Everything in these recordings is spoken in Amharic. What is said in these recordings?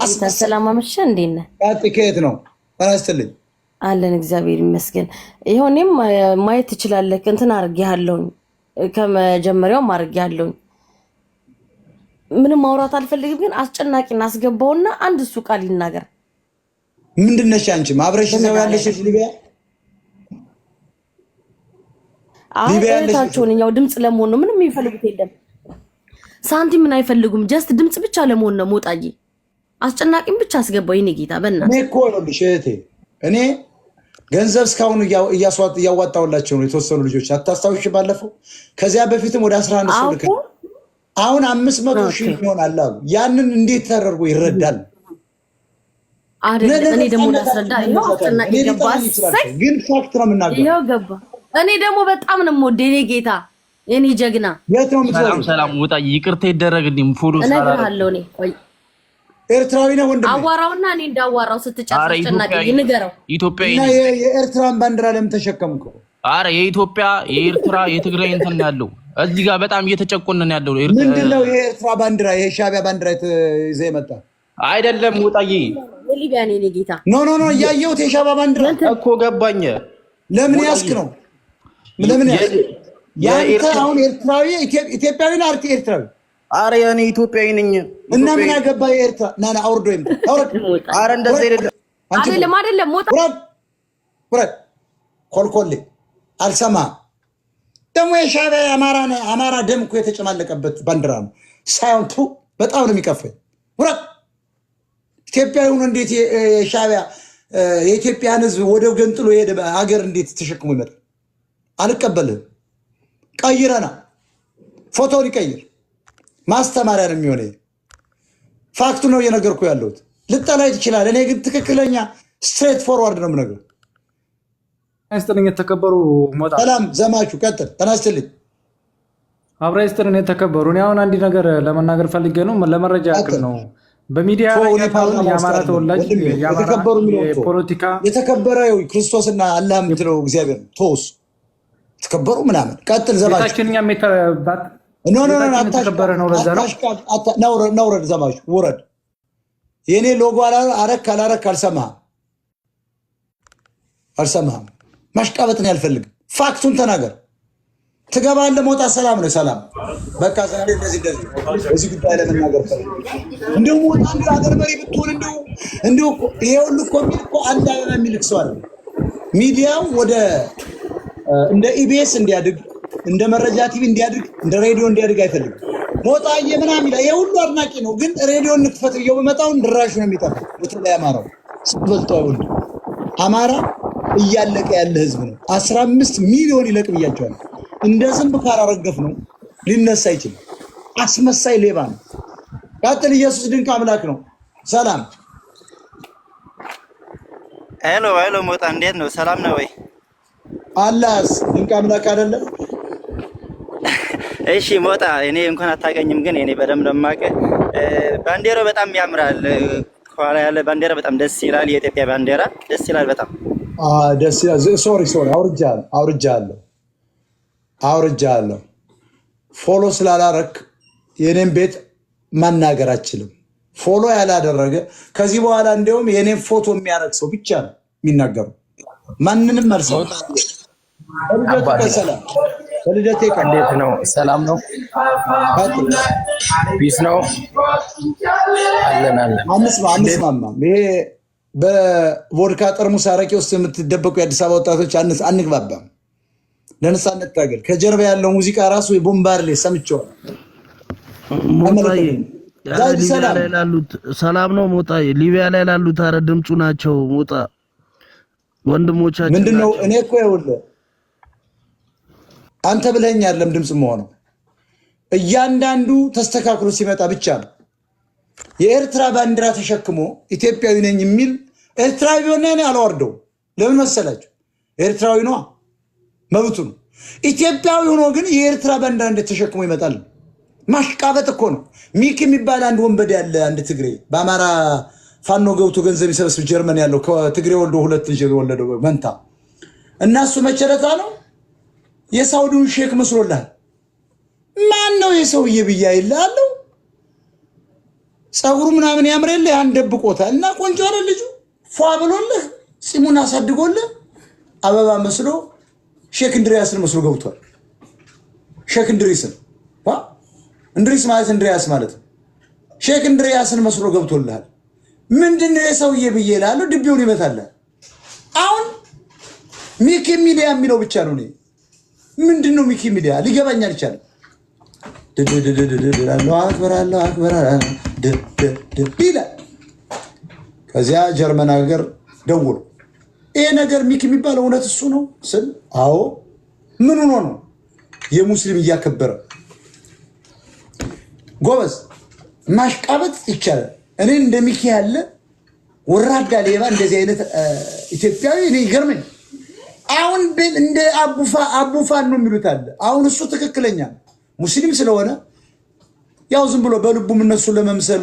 ጌታን ሰላም አመሸ። እንዴት ነህ? ከየት ነው? አለን። እግዚአብሔር ይመስገን። ይኸው እኔም ማየት ትችላለህ። እንትን አድርጌሃለሁኝ፣ ከመጀመሪያው አድርጌሃለሁኝ። ምንም ማውራት አልፈልግም፣ ግን አስጨናቂ አስገባውና አንድ እሱ ቃል ይናገር። ምንድን ነሽ አንቺ? ያለሽ ሊቢያ። አሁን እህታቸውን እኛው ድምፅ ለመሆን ነው። ምንም የሚፈልጉት የለም። ሳንቲምን አይፈልጉም። ጀስት ድምፅ ብቻ ለመሆን ነው ሞጣዬ አስጨናቂም ብቻ አስገባው። ይኔ ጌታ በእናትህ እኔ እኮ ይኸውልሽ እህቴ እኔ ገንዘብ እስካሁን እያዋጣውላቸው ነው የተወሰኑ ልጆች አታስታውሽ፣ ባለፈው ከዚያ በፊትም ወደ አስራ አንድ ሰው ልክ አሁን አምስት መቶ ሺህ ይሆናል አሉ። ያንን እንዴት ተደርጎ ይረዳል? ግን ፋክት ነው የምናገረው። ገባ እኔ ደግሞ በጣም ነው የምወደው የእኔ ጌታ የእኔ ጀግና። ሰላም ሰላም፣ ውጣ፣ ይቅርታ ይደረግልኝ። ፎሎ እነግርሃለሁ እኔ ኤርትራዊ ነው ወንድሜ። አዋራውና እኔ እንዳዋራው ስትጨርስ ጨናቂ ንገረው። ኢትዮጵያ የኤርትራን ባንዲራ ለምን ተሸከምኩ? አረ የኢትዮጵያ የኤርትራ የትግራይ እንትን ያለው እዚህ ጋር በጣም እየተጨቆንን ያለው ምንድን ነው? የኤርትራ ባንዲራ የሻቢያ ባንዲራ ይዘ የመጣ አይደለም። ውጣዬ የሊቢያ ነው የእኔ ጌታ። ኖ ኖ ኖ እያየሁት የሻዕቢያ ባንዲራ እኮ ገባኝ። ለምን ያስክ ነው? ለምን ያስክ ያንተ አሁን ኤርትራዊ ኢትዮጵያዊ ነው ኤርትራዊ አረ እኔ ኢትዮጵያዊ ነኝ እና ምን አገባ የኤርትራ ና ና አውርዶ ይም አውርድ። አረ እንደዚህ አይደለም አይደለም አይደለም። ወጣ ወረድ ኮልኮሌ አልሰማ። ደግሞ የሻዕቢያ አማራ አማራ ደም እኮ የተጨማለቀበት ባንዲራ ነው ሳይሆን በጣም ነው የሚቀፈኝ። ወረድ ኢትዮጵያዊውን እንዴት የሻዕቢያ የኢትዮጵያን ህዝብ ወደ ገንጥሎ የሄደ ሀገር እንዴት ተሸክሞ ይመጣል? አልቀበልህም። ቀይረና ፎቶን ይቀይር ማስተማሪያ ነው የሚሆነ። ፋክቱ ነው እየነገርኩ ያለሁት። ልጠላይ ይችላል። እኔ ግን ትክክለኛ ስትሬት ፎርዋርድ ነው የምነግረው። ስጥልኝ የተከበሩ ሰላም ዘማቹ ቀጥል ተናስትልኝ አብራ ስጥልን የተከበሩ እኔ አሁን አንድ ነገር ለመናገር ፈልጌ ነው። ለመረጃ ያክል ነው። በሚዲያ የአማራ ተወላጅ ፖለቲካ የተከበረ ክርስቶስና አላህ የምትለው እግዚአብሔር ቶስ የተከበሩ ምናምን ቀጥል ዘማቹ ኖ ኖ ዘማች ውረድ። የእኔ ሎጎ አረክ አላረክ አልሰማህም፣ አልሰማህም። ማሽቃበጥን ያልፈልግም። ፋክቱን ተናገር። ትገባለህ፣ መውጣት ሰላም ነው። ሰላም በቃ ዛሬ እንደዚህ እንደዚህ እዚህ ጉዳይ ለመናገር ፈ አንድ ሀገር መሪ ብትሆን እንዲሁ እንዲሁ ይሄ ሁሉ እኮ የሚል እኮ አንድ አበባ የሚልክ ሰው አለ። ሚዲያው ወደ እንደ ኢቢኤስ እንዲያድግ እንደ መረጃ ቲቪ እንዲያድግ እንደ ሬዲዮ እንዲያድግ አይፈልግም። ሞጣዬ ምናምን ይላል። ይሄ ሁሉ አድናቂ ነው፣ ግን ሬዲዮ እንክፈት ብየው በመጣውን ድራሹ ነው የሚጠፋ። በተለይ አማራው ስትበልጦ አይወልድ። አማራ እያለቀ ያለ ህዝብ ነው። አስራ አምስት ሚሊዮን ይለቅ ብያቸዋል። እንደ ዝንብ ካላረገፍ ነው ሊነሳ አይችልም። አስመሳይ ሌባ ነው። ቀጥል። ኢየሱስ ድንቅ አምላክ ነው። ሰላም ሄሎ ሄሎ፣ ሞጣ እንዴት ነው? ሰላም ነው ወይ? አላስ ድንቅ አምላክ አይደለም። እሺ ሞጣ፣ እኔ እንኳን አታቀኝም፣ ግን እኔ በደንብ ነው የማውቅህ። ባንዲራው በጣም ያምራል። ከኋላ ያለ ባንዲራ በጣም ደስ ይላል። የኢትዮጵያ ባንዲራ ደስ ይላል በጣም ደስ ይላል። ሶሪ ሶሪ፣ አውርጃለሁ አውርጃለሁ አውርጃለሁ። ፎሎ ስላላረክ የኔን ቤት ማናገር አችልም። ፎሎ ያላደረገ ከዚህ በኋላ እንዲያውም የኔን ፎቶ የሚያደርግ ሰው ብቻ ነው የሚናገሩ። ማንንም አልሰው በልደቴ ቀን እንዴት ነው? ሰላም ነው? ፒስ ነው? አለን አለን። አንስማማ። ይሄ በቮድካ ጠርሙስ አረቄ ውስጥ የምትደበቁ የአዲስ አበባ ወጣቶች አንግባባም። ለነሳ እንታገል። ከጀርባ ያለው ሙዚቃ ራሱ ሰምቼዋለሁ። ሰላም ነው ሞጣ። ሊቢያ ላይ ላሉት አረ ድምፁ ናቸው ሞጣ ወንድሞቻችን ምንድነው? እኔ እኮ ይኸውልህ አንተ ብለኸኝ አይደለም ድምፅ መሆነው እያንዳንዱ ተስተካክሎ ሲመጣ ብቻ ነው። የኤርትራ ባንዲራ ተሸክሞ ኢትዮጵያዊ ነኝ የሚል ኤርትራዊ ቢሆን እኔ አላወርደው። ለምን መሰላቸው? ኤርትራዊ ነዋ፣ መብቱ ነው። ኢትዮጵያዊ ሆኖ ግን የኤርትራ ባንዲራ እንዴት ተሸክሞ ይመጣል? ማሽቃበጥ እኮ ነው። ሚክ የሚባል አንድ ወንበዴ ያለ አንድ ትግሬ በአማራ ፋኖ ገብቶ ገንዘብ ይሰበስብ ጀርመን ያለው ከትግሬ ወልዶ ሁለት ልጅ ወለደው መንታ እና እሱ መቸረታ ነው የሳውዲውን ሼክ መስሎላል። ማን ነው የሰውዬ ብያ ይልሃለሁ። ፀጉሩ ምናምን ያምር የለ ያን ደብቆታል። እና ቆንጆ አለ ልጁ ፏ ብሎልህ ፂሙን አሳድጎልህ አበባ መስሎ ሼክ እንድሪያስን መስሎ ገብቷል። ሼክ እንድሪስን እንድሪስ ማለት እንድሪያስ ማለት ነው። ሼክ እንድሪያስን መስሎ ገብቶልሃል። ምንድን የሰውዬ ብዬ እልሃለሁ። ድቤውን ይመታልሃል። አሁን ሚኪ ሚዲያ የሚለው ብቻ ነው እኔ ምንድን ነው ሚኪ ሚዲያ ሊገባኝ አልቻለም። ከዚያ ጀርመን ሀገር ደውሎ ይሄ ነገር ሚኪ የሚባለው እውነት እሱ ነው ስል አዎ፣ ምን ሆኖ ነው የሙስሊም እያከበረ ጎበዝ ማሽቃበጥ ይቻላል። እኔ እንደ ሚኪ ያለ ወራዳ ሌባ እንደዚህ አይነት ኢትዮጵያዊ እኔ ይገርመኝ አሁን እንደ አቡፋ አቡፋን ነው የሚሉት አለ። አሁን እሱ ትክክለኛ ሙስሊም ስለሆነ ያው ዝም ብሎ በልቡም እነሱ ለመምሰል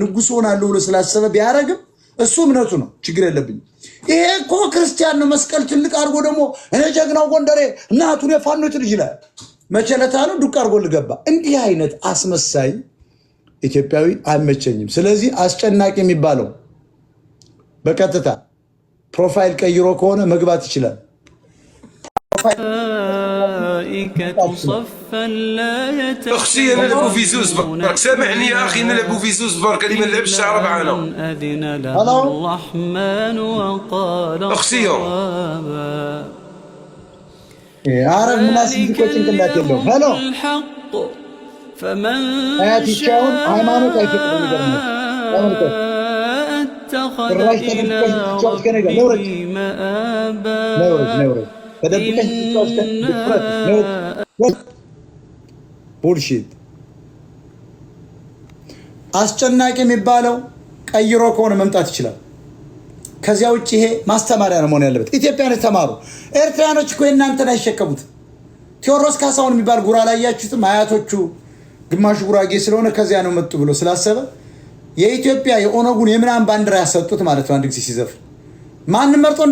ንጉስ ሆናለሁ ብሎ ስላሰበ ቢያደርግም እሱ እምነቱ ነው፣ ችግር የለብኝም። ይሄ እኮ ክርስቲያን ነው። መስቀል ትልቅ አድርጎ ደግሞ እኔ ጀግናው ጎንደሬ እናቱን የፋኖት ልጅ ይላል። መቼ ነው ዱቅ አድርጎ ልገባ። እንዲህ አይነት አስመሳይ ኢትዮጵያዊ አይመቸኝም። ስለዚህ አስጨናቂ የሚባለው በቀጥታ ፕሮፋይል ቀይሮ ከሆነ መግባት ይችላል። الملائكة صفا لا في زوز برك سامحني يا أخي في زوز برك اللي ما نلعبش الرحمن وقال الحق فمن اتخذ ቡልሺት አስጨናቂ የሚባለው ቀይሮ ከሆነ መምጣት ይችላል። ከዚያ ውጭ ይሄ ማስተማሪያ ነው መሆን ያለበት። ኢትዮጵያኖች ተማሩ። ኤርትራኖች እኮ የእናንተን አይሸከሙት። ቴዎድሮስ ካሳሁን የሚባል ጉራ ላያችሁትም አያቶቹ ግማሹ ጉራጌ ስለሆነ ከዚያ ነው መጡ ብሎ ስላሰበ የኢትዮጵያ የኦነጉን የምናምን ባንዲራ ያሰጡት ማለት ነው። አንድ ጊዜ ሲዘፍን ማንም መርጦ